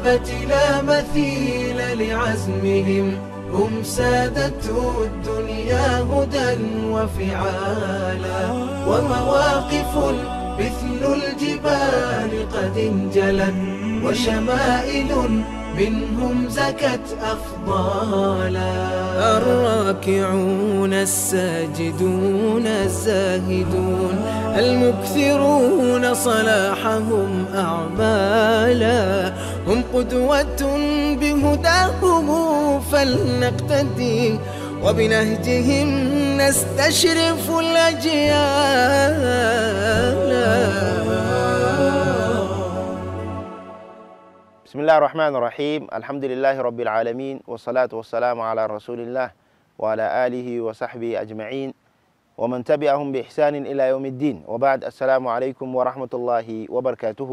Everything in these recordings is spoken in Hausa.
الصحابة لا مثيل لعزمهم هم سادته الدنيا هدى وفعالا ومواقف مثل الجبال قد انجلت وشمائل منهم زكت أفضالا الراكعون الساجدون الزاهدون المكثرون صلاحهم أعمالا هم قدوة بهداهم فلنقتدي وبنهجهم نستشرف الأجيال بسم الله الرحمن الرحيم الحمد لله رب العالمين والصلاة والسلام على رسول الله وعلى آله وصحبه أجمعين ومن تبعهم بإحسان إلى يوم الدين وبعد السلام عليكم ورحمة الله وبركاته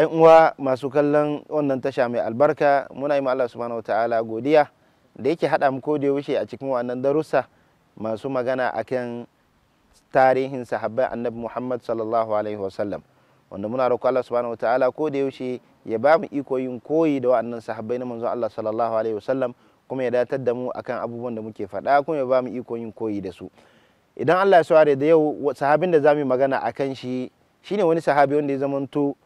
أنوا ما سكلن وننتشى من البركة من الله سبحانه وتعالى قودية ديكي حتى أمكودي وشي أتكمو أن ندرسة ما سمغنا أكن تاريخ سحبة النبي محمد صلى الله عليه وسلم wanda muna roƙo Allah subhanahu wataala ko da yaushe ya ba mu iko yin koyi da wa'annan sahabbai na manzo Allah sallallahu alaihi wasallam kuma ya datar da mu akan abubuwan da muke faɗa kuma ya ba mu iko yin koyi da su idan Allah ya saware da yau sahabin da zamu magana akan shi shine wani sahabi wanda ya zamanto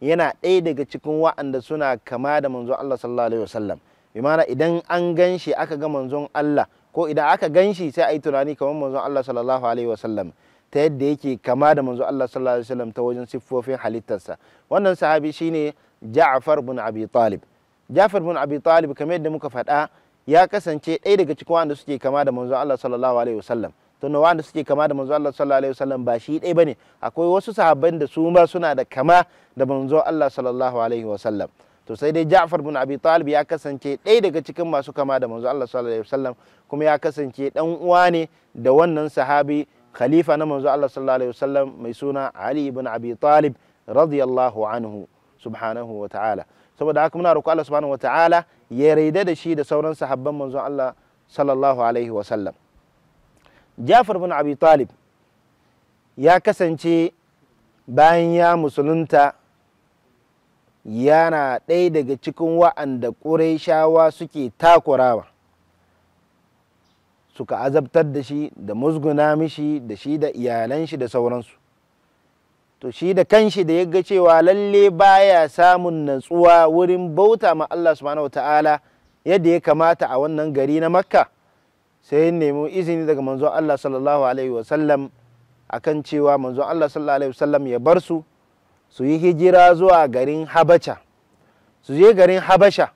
yana ɗaya daga cikin wa'anda suna kama da manzo Allah sallallahu alaihi wasallam bi ma'ana idan an gan aka ga manzon Allah ko idan aka gan shi sai a yi tunani kamar manzon Allah sallallahu alaihi wasallam ta yadda yake kama da manzo Allah sallallahu alaihi wasallam ta wajen siffofin halittarsa wannan sahabi shine Ja'far bin Abi Talib Ja'far bin Abi Talib kamar yadda muka faɗa ya kasance ɗaya daga cikin wanda suke kama da manzo Allah sallallahu alaihi wasallam tunda wanda suke kama da manzo Allah sallallahu alaihi wasallam ba shi ɗaya bane akwai wasu sahabban da su ma suna da kama da manzo Allah sallallahu alaihi wasallam to sai dai Ja'far bin Abi Talib ya kasance ɗaya daga cikin masu kama da manzo Allah sallallahu alaihi wasallam kuma ya kasance dan uwa ne da wannan sahabi khalifa na manzo Allah sallallahu alaihi wasallam mai suna Ali ibn Abi Talib radiyallahu anhu subhanahu wa ta'ala saboda haka muna roƙo Allah subhanahu wa ta'ala ya raida da shi da sauran sahabban Manzo Allah sallallahu alaihi wasallam Jafar ibn Abi Talib ya kasance bayan ya musulunta yana ɗaya daga cikin wa'anda ƙurayshawa suke takurawa suka azabtar da shi da musguna mishi da shi da iyalan shi da sauransu to shi da kanshi da yaga cewa lalle baya samun natsuwa wurin bauta ma Allah subhanahu ta'ala yadda ya kamata a wannan gari na makka sai ya nemi izini daga manzo Allah sallallahu alaihi sallam akan cewa manzo Allah sallallahu alaihi sallam ya bar su su yi hijira zuwa garin habasha su je garin habasha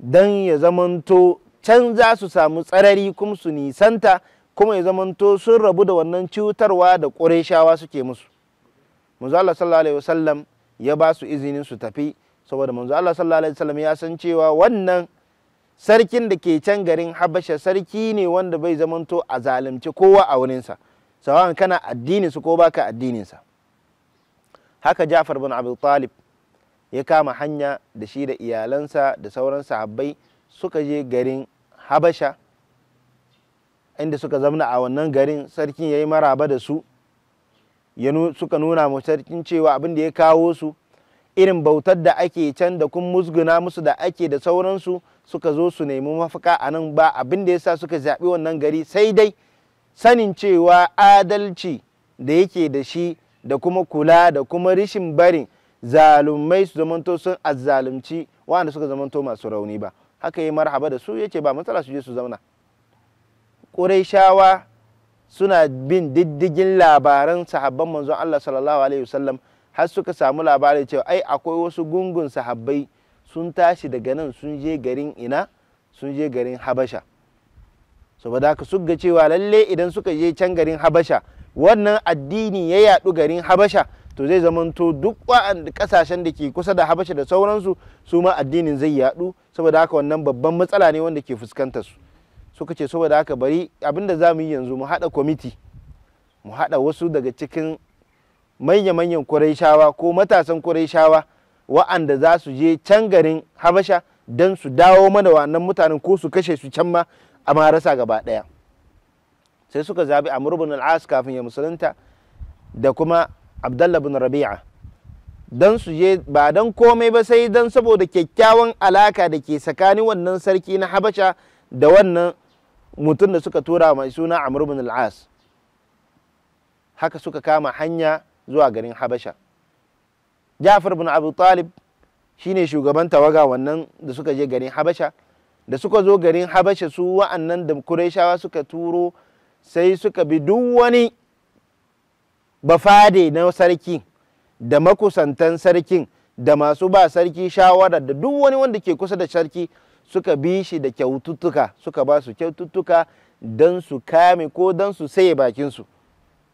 dan ya zamanto can za su samu tsarari kuma su nisanta kuma ya zamanto sun rabu da wannan cutarwa da ƙureshawa suke musu manzo Allah sallallahu alaihi wasallam ya ba su izinin su tafi saboda manzo Allah sallallahu alaihi wasallam ya san cewa wannan sarkin da ke can garin Habasha sarki ne wanda bai zamanto a zalunci kowa a sa. sawan kana addinin su ko baka addinin sa haka Ja'far bin Abi Talib ya kama hanya da shi da iyalansa da sauran sahabbai suka je garin habasha inda suka zamna a wannan garin sarkin ya yi maraba da su suka nuna mu sarkin cewa abin da ya kawo su irin bautar da ake can da kun musguna musu da ake da sauransu suka zo su nemi mafaka a nan ba abin da yasa suka zaɓi wannan gari sai dai sanin cewa adalci da yake da shi da kuma kula da kuma rishin barin zalumai su zamanto sun azzalumci wanda suka zamanto masu rauni ba aka yi marhaba da su ya ce ba matsala su je su zauna ƙuraishawa suna bin diddigin labaran sahabban manzo Allah sallallahu alaihi wasallam har suka samu labari cewa ai akwai wasu gungun sahabbai sun tashi daga nan sun je garin ina sun je garin habasha saboda haka su ga cewa lalle idan suka je can garin habasha wannan addini ya yaɗu garin habasha to zai zamanto duk wa'anda kasashen da ke kusa da habasha da sauransu su ma addinin zai yadu saboda haka wannan babban matsala ne wanda ke fuskanta su suka ce saboda haka bari abinda za mu yi yanzu mu haɗa kwamiti mu haɗa wasu daga cikin manya-manyan kuraishawa ko matasan kuraishawa wa'anda za su je can garin habasha don su dawo mana wannan mutanen ko su kashe su can ma a marasa gaba ɗaya sai suka zabi a ibn kafin ya musulunta da kuma abdullah bin rabi'a don su je ba don komai ba sai don saboda kyakkyawan alaka da ke tsakanin wannan sarki na habasha da wannan mutum da suka tura mai suna amr bin al'as haka suka kama hanya zuwa garin habasha jafar bin abu talib shine shugaban tawaga wannan da suka je garin habasha da suka zo garin habasha su wa'annan da kuraishawa suka turo sai suka bi duk wani bafade na sarki da makusantan sarki, da masu ba sarki shawara da duk wani wanda ke kusa da sarki suka bi shi da kyaututtuka suka ba su kyaututtuka don su kame ko don su saye bakinsu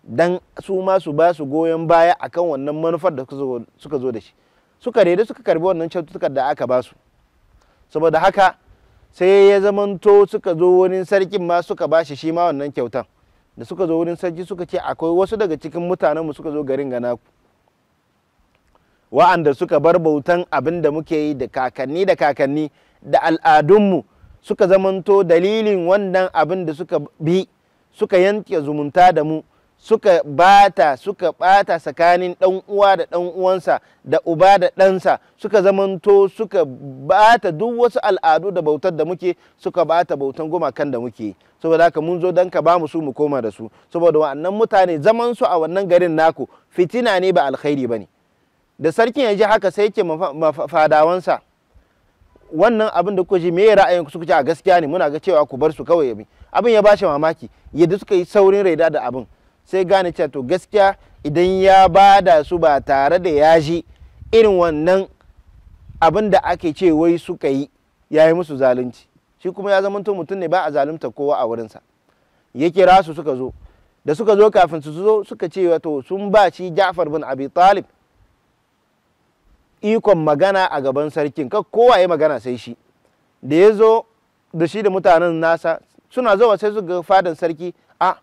don su ma su ba su goyon baya akan wannan manufar da suka zo da shi suka rede suka karbi wannan kyaututtuka da aka ba su saboda haka sai ya zamanto suka zo wani sarkin ma suka ba shi shi ma wannan kyautan da suka zo wurin sarki suka ce akwai wasu daga cikin mutanenmu suka zo garin gana ku wa'anda suka bar bautan abin da muke yi da kakanni da kakanni da al'adunmu suka zamanto dalilin wannan abin da suka bi suka yanke zumunta da mu suka bata suka bata tsakanin dan uwa da dan uwansa da uba da ɗansa suka zamanto suka bata duk wasu al'adu da bautar da muke suka bata bautan gumakan da muke saboda haka mun zo dan ka ba mu su mu koma da su saboda wa'annan mutane zaman su a wannan garin naku fitina ne ba alkhairi bane da sarkin ya ji haka sai yake mafadawansa wannan abin da kuka ji me ra'ayin ku suka ce a gaskiya ne muna ga cewa ku bar su kawai abin ya bashi mamaki yadda suka yi saurin raida da abin sai gane cewa to gaskiya idan ya ba da su ba tare da ya ji irin wannan abin da ake ce wai suka yi ya yi musu zalunci shi kuma ya to mutum ne ba a zalunta kowa a wurinsa ya kira su suka zo da suka zo kafin su zo suka ce wato sun ba shi ja'far bin abi talib ikon magana a gaban sarkin ka kowa ya magana sai shi da ya zo da shi da mutanen nasa suna zuwa sai su ga fadan sarki a ah,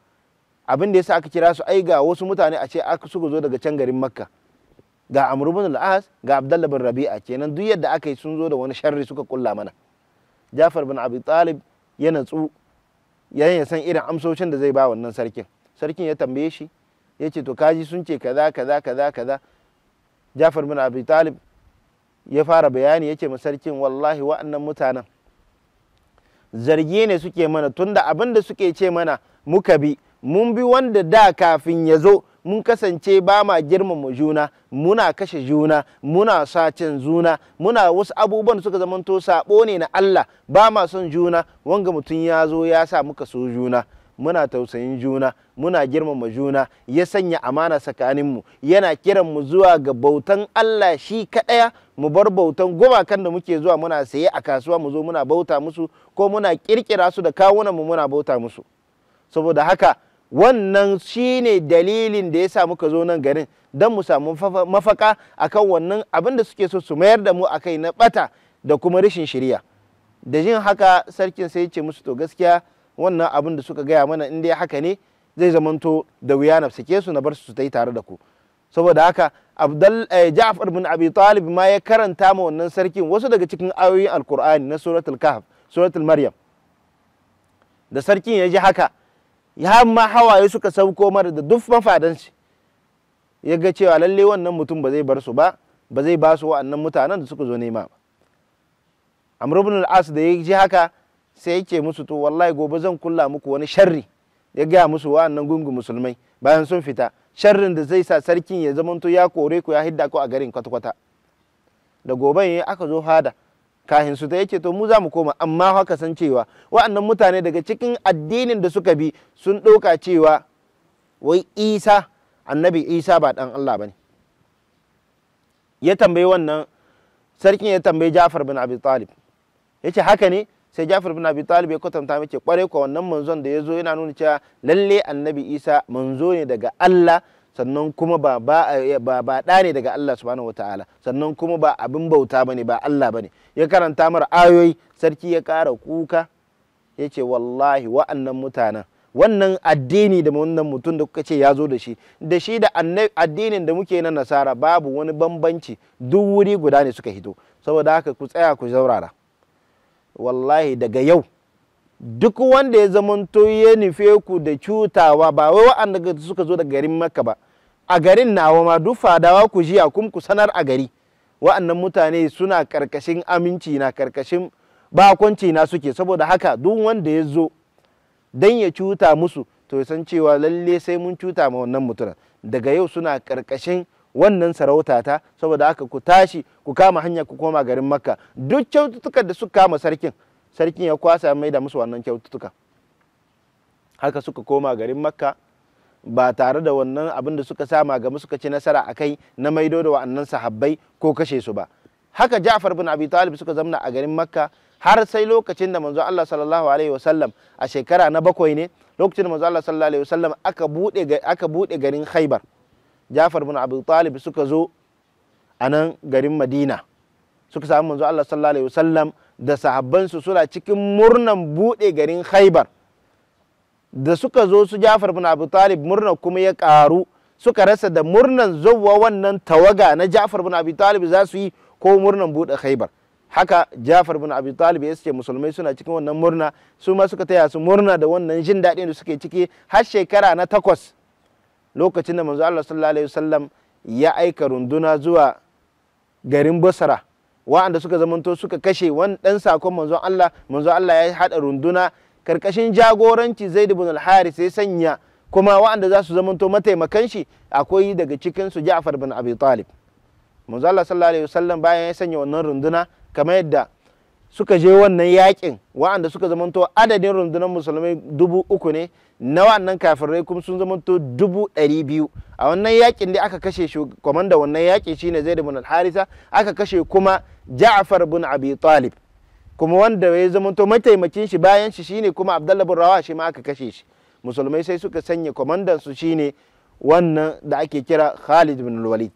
abin da yasa aka kira su ai ga wasu mutane a ce aka suka zo daga can garin makka ga amru bin al ga abdullah bin rabi'a kenan duk yadda aka yi sun zo da wani sharri suka kulla mana jafar bin abi talib ya natsu ya san irin amsoshin da zai ba wannan sarkin sarkin ya tambaye shi ya ce to kaji sun ce kaza kaza kaza kaza jafar bin abi talib ya fara bayani ya ce sarkin wallahi wa'annan mutanen zargi ne suke mana tunda abin da suke ce mana muka bi mun bi wanda da kafin ya zo mun kasance ba ma girmama juna muna kashe juna muna sacin juna muna wasu abubuwan suka zama to sabo ne na Allah ba ma son juna wanga mutum ya zo ya sa muka so juna muna tausayin juna muna girmama juna ya sanya amana tsakaninmu yana kiran mu zuwa ga bautan Allah shi kaɗaya mu bar bautan gumakan da muke zuwa muna saye a kasuwa mu zo muna bauta musu ko muna kirkira su da kawunan mu muna bauta musu saboda haka wannan shi ne dalilin da ya sa muka zo nan garin don mu samu mafaka a kan wannan abin da suke so su mayar da mu a kai na bata da kuma rashin shirya da jin haka sarkin sai ce musu to gaskiya wannan abin da suka gaya mana in dai haka ne zai zamanto da wuya na sake su na bar su ta yi tare da ku saboda haka abdul eh, ja'far bin abi talib ma ya karanta ma wannan sarkin wasu daga cikin ayoyin alkur'ani na suratul kahf suratul maryam da sarkin ya ji haka ya ma hawaye suka sauko mara da duk mafadan shi ya ga cewa lalle wannan mutum ba zai bar su ba ba zai ba su wa'annan mutanen da suka zo nema ba amr ibn al-as da ya ji haka sai yake musu to wallahi gobe zan kulla muku wani sharri ya gaya musu wa'annan gungun musulmai bayan sun fita sharrin da zai sa sarkin ya zamanto ya kore ku ya hidda ku a garin kwata da gobe aka zo hada kahin su ta yace to mu za mu koma amma haka san cewa wa'annan mutane daga cikin addinin da suka bi sun ɗauka cewa wai isa annabi isa ba ɗan allah ba ne ya tambayi wannan sarkin ya tambayi jafar bin abi talib ya ce haka ne sai jafar bin abi talib ya kwatanta mace kwarai kwa wannan manzon da ya zo yana nuna cewa lalle annabi isa manzo ne daga allah sannan kuma ba ba ba da ne daga Allah subhanahu wataala sannan kuma ba abin bauta bane ba Allah bane ya karanta mar ayoyi sarki ya kara kuka ya ce wallahi wa'annan mutanen wannan addini da wannan mutum da kuka ce ya zo da shi da shi da addinin da muke na nasara babu wani bambanci duk wuri guda ne suka hito saboda haka ku tsaya ku zaurara wallahi daga yau duk wanda ya zamanto ya nufe ku da cutawa ba wai wa'anda suka zo daga garin maka ba a garin nawa ma duk fadawa ku jiya kum ku sanar a gari wa'annan mutane suna karkashin aminci na karkashin bakonci na suke saboda haka duk wanda ya zo dan ya cuta musu to san cewa lalle sai mun cuta ma wannan mutum daga yau suna karkashin wannan sarautata ta saboda haka ku tashi ku kama hanya ku koma garin makka duk kyaututtukan da suka kama sarkin sarkin ya kwasa mai da musu wannan kyaututtuka haka suka koma garin makka ba tare da wannan abin da suka sama ga suka ci nasara a kai na maido da wa'annan sahabbai ko kashe su ba haka Ja'far bin Abi Talib suka zamna a garin Makka har sai lokacin da manzo Allah sallallahu alaihi wasallam a shekara na bakwai ne lokacin da manzo Allah sallallahu alaihi wasallam aka bude aka bude garin khaybar Ja'far bin Abi Talib suka zo a nan garin Madina suka samu manzo Allah sallallahu alaihi wasallam da sahabbansu suna cikin murnan bude garin Khaibar da suka zo su jafar bin abu talib murna kuma ya karu suka rasa da murnan zuwa wannan tawaga na jafar bin abu talib za su yi ko murnan buɗe khaibar haka jafar bin abu talib ya ce musulmai suna cikin wannan murna su ma suka taya su murna da wannan jin daɗin da suke ciki har shekara na takwas lokacin da manzo Allah sallallahu alaihi wasallam ya aika runduna zuwa garin Basra wa'anda suka zamanto suka kashe wani dan sakon manzon Allah manzon Allah ya haɗa runduna karkashin jagoranci zaid ibn al-haris ya sanya kuma waɗanda za su zamanto mataimakan shi akwai daga cikin su ja'far bin abi talib manzo Allah sallallahu alaihi wasallam bayan ya sanya wannan runduna kamar yadda suka je wannan yakin waɗanda suka zamanto adadin rundunar musulmai dubu uku ne na wannan kafirai kuma sun zamanto dubu ɗari biyu a wannan yakin da aka kashe shi kwamanda wannan yakin shine zaid bin al-harisa aka kashe kuma ja'far bin abi talib kuma wanda ya zama to mataimakin shi bayan shi shine kuma abdullah bin rawa shi ma aka kashe shi musulmai sai suka sanya kwamandan su shine wannan da ake kira khalid bin walid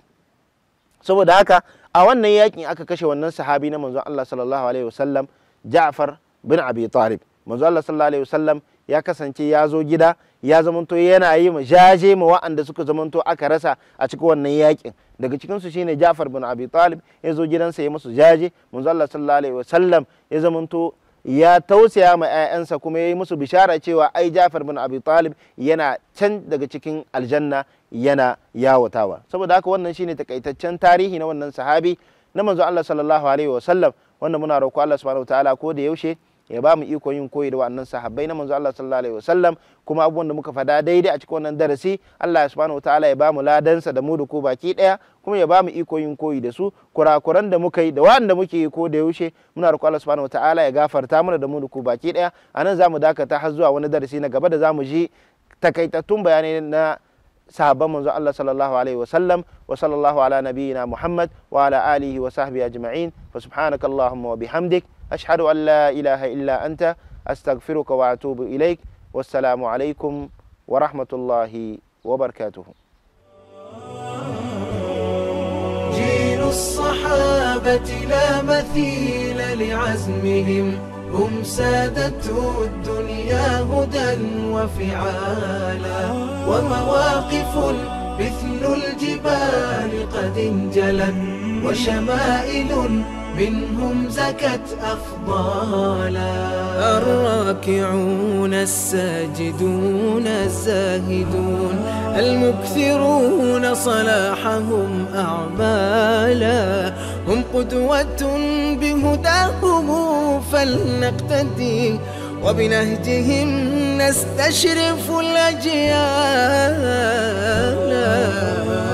saboda haka a wannan yakin aka kashe wannan sahabi na manzon allah sallallahu alaihi wasallam ja'far bin abi talib manzon allah sallallahu alaihi wasallam ya kasance ya zo gida ya zamanto yana yi ma jaje ma wa'anda suka zamanto aka rasa a cikin wannan yakin daga cikinsu su shine Ja'far bin Abi Talib ya zo gidansa ya musu jaje manzo Allah sallallahu alaihi wasallam ya zamanto ya tausaya ma 'ya'yansa kuma ya yi musu bishara cewa ai Ja'far bin Abi Talib yana can daga cikin aljanna yana yawatawa saboda haka wannan shine takaitaccen tarihi na wannan sahabi na manzo Allah sallallahu alaihi wasallam wanda muna roƙo Allah subhanahu wataala ko da yaushe ya ba mu iko yin koyi da wannan sahabbai na manzo Allah sallallahu alaihi wasallam kuma abubuwan da muka fada daidai a cikin wannan darasi Allah subhanahu wataala ya ba mu ladansa da mu da ku baki daya kuma ya ba mu iko yin koyi da su kurakuran da muka yi da wanda muke yi ko da yaushe muna roƙo Allah subhanahu wataala ya gafarta mana da mu da ku baki daya anan zamu dakata har zuwa wani darasi na gaba da zamu ji takaitattun bayanai na sahabban manzo Allah sallallahu alaihi wa wa sallallahu ala nabiyyina Muhammad wa ala alihi wa sahbihi ajma'in fa subhanakallahumma wa bihamdika أشهد أن لا إله إلا أنت أستغفرك وأتوب إليك والسلام عليكم ورحمة الله وبركاته جيل الصحابة لا مثيل لعزمهم هم سادته الدنيا هدى وفعالا ومواقف مثل الجبال قد انجلت وشمائل منهم زكت أفضالا الراكعون الساجدون الزاهدون المكثرون صلاحهم أعمالا هم قدوة بهداهم فلنقتدي وبنهجهم نستشرف الأجيال